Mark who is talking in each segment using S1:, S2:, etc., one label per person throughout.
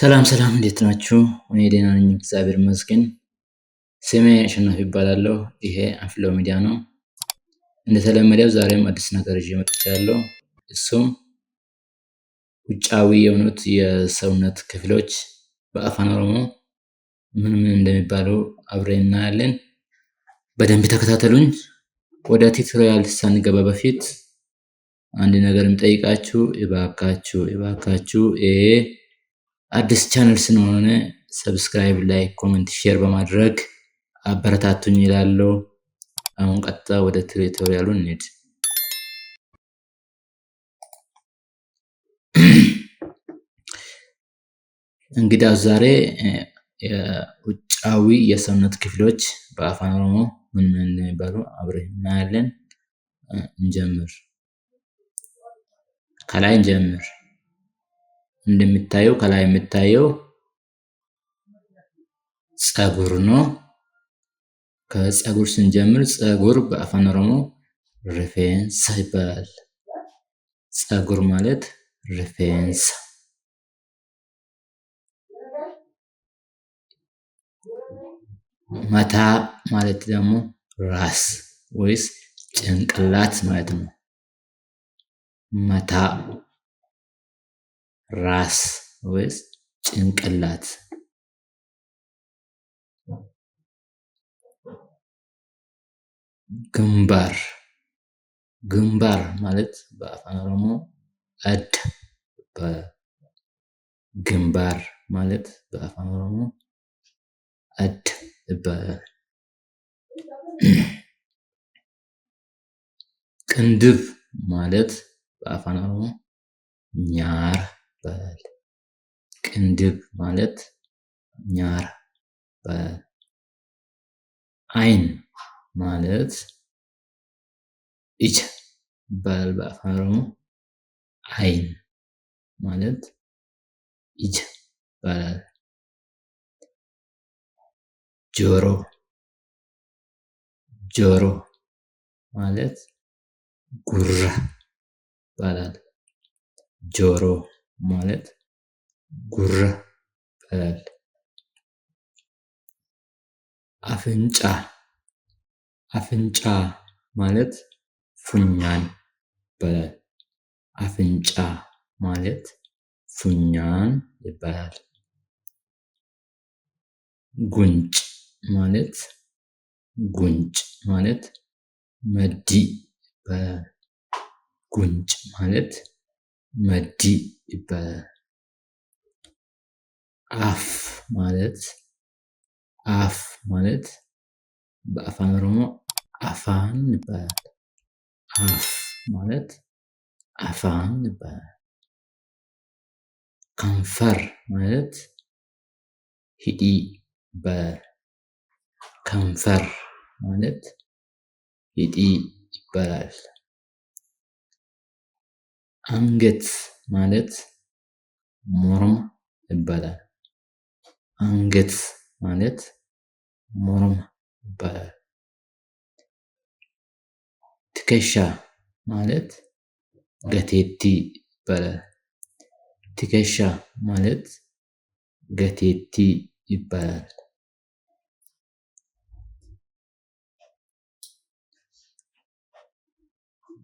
S1: ሰላም ሰላም፣ እንዴት ናችሁ? እኔ ደህና ነኝ፣ እግዚአብሔር ይመስገን። ስሜ አሸናፊ ይባላለሁ። ይሄ አንፍሎ ሚዲያ ነው። እንደተለመደው ዛሬም አዲስ ነገር ይዤ መጥቻለሁ። እሱም ውጫዊ የሆኑት የሰውነት ክፍሎች በአፋን ኦሮሞ ምን ምን እንደሚባሉ አብረን እናያለን። በደንብ ተከታተሉኝ። ወደ ቲቶሪያል ሳንገባ በፊት አንድ ነገር የሚጠይቃችሁ፣ እባካችሁ እባካችሁ አዲስ ቻንል ስንሆነ ሰብስክራይብ፣ ላይ ኮሜንት፣ ሼር በማድረግ አበረታቱኝ ይላለው። አሁን ቀጥታ ወደ ቱቶሪያሉ እንሂድ። እንግዲህ ዛሬ ውጫዊ የሰውነት ክፍሎች በአፋን ኦሮሞ ምን ምን የሚባሉ አብረን እናያለን። እንጀምር፣ ከላይ እንጀምር። እንደሚታየው ከላይ የሚታየው ጸጉር ነው። ከጸጉር ስንጀምር ጸጉር በአፋን ኦሮሞ ሪፌንሳ ይባላል። ጸጉር ማለት ሪፌንሳ መታ ማለት ደግሞ ራስ ወይስ ጭንቅላት ማለት ነው። መታ ራስ ወይስ ጭንቅላት? ግንባር ግንባር ማለት በአፋን ኦሮሞ አድ ግንባር ማለት በአፋን ኦሮሞ አድ ይባላል። ቅንድብ ማለት በአፋን ኦሮሞ ኛር ይባላል። ቅንድብ ማለት ኛራ ይባላል። አይን ማለት እጅ ይባላል። በአፋን ኦሮሞ አይን ማለት እጅ ይባላል። ጆሮ ጆሮ ማለት ጉራ ይባላል። ጆሮ ማለት ጉረ ይባላል። አፍንጫ አፍንጫ ማለት ፉኛን ይባላል። አፍንጫ ማለት ፉኛን ይባላል። ጉንጭ ማለት ጉንጭ ማለት መዲ ይባላል። ጉንጭ ማለት ማዲ ይባላል። አፍ ማለት አፍ ማለት በአፋን ኦሮሞ አፋን ይባላል። አፍ ማለት አፋን ይባላል። ከንፈር ማለት ሂዲ ይባላል። ከንፈር ማለት ሂዲ ይባላል። አንገት ማለት ሞርም ይባላል። አንገት ማለት ሞርም ይባላል። ትከሻ ማለት ገቴቲ ይባላል። ትከሻ ማለት ገቴቲ ይባላል።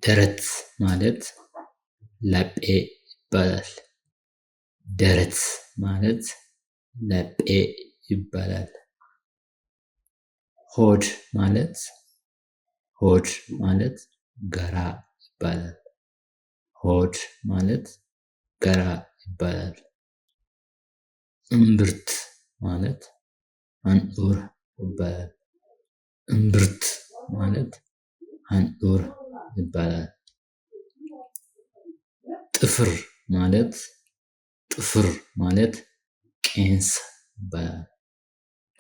S1: ደረት ማለት ለጴ ይባላል። ደረት ማለት ለጴ ይባላል። ሆድ ማለት ሆድ ማለት ገራ ይባላል። ሆድ ማለት ገራ ይባላል። እምብርት ማለት አንዑር ይባላል። እምብርት ማለት አንዑር ይባላል። ጥፍር ማለት ጥፍር ማለት ቄንስ ይባላል።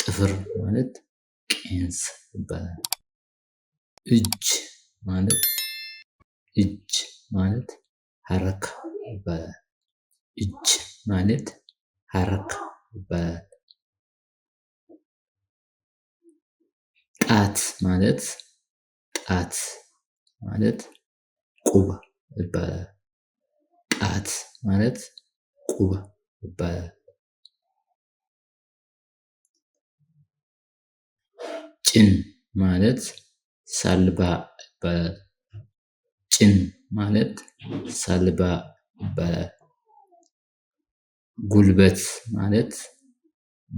S1: ጥፍር ማለት ቄንስ ይባላል። እጅ ማለት እጅ ማለት ሐረካ ይባላል። እጅ ማለት ሐረካ ይባላል። ጣት ማለት ጣት ማለት ቁባ ይባላል። አት ማለት ቁብ ይባላል። ጭን ማለት ሳልባ ይባላል። ጭን ማለት ሳልባ ይባላል። ጉልበት ማለት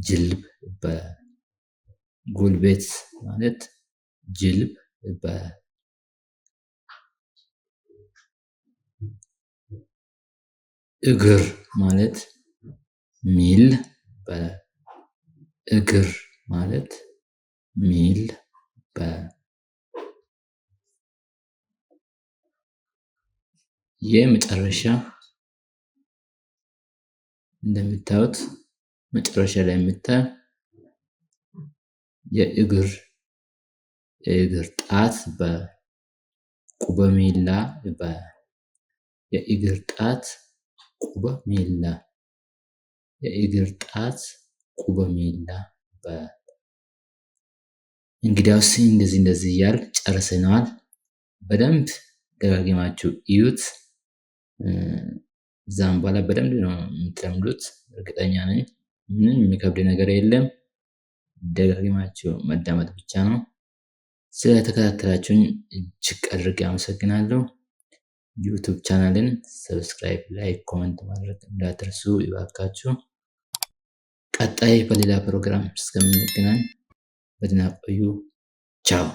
S1: ጅልብ ይባላል። ጉልበት ማለት ጅልብ ይባላል። እግር ማለት ሚል ይባላል። እግር ማለት ሚል በ የመጨረሻ እንደምታዩት መጨረሻ ላይ የምታ የእግር የእግር ጣት ይባላል። ቁበሜላ የእግር ጣት ቁበሜላ የእግር ጣት ቁበሜላ ይባላል። እንግዲያውስ እንደዚህ እንደዚህ እያል ጨርሰነዋል። በደንብ ደጋግማችሁ እዩት። እዛም በኋላ በደንብ ነው የምትለምዱት። እርግጠኛ ነኝ። ምንም የሚከብድ ነገር የለም። ደጋግማችሁ መዳመጥ ብቻ ነው። ስለተከታተላችሁኝ እጅግ አድርጌ አመሰግናለሁ። ዩቱብ ቻናልን ሰብስክራይብ፣ ላይክ፣ ኮመንት ማድረግ እንዳትርሱ ይባካችሁ። ቀጣይ በሌላ ፕሮግራም እስከምንገናኝ በደህና ቆዩ። ቻው።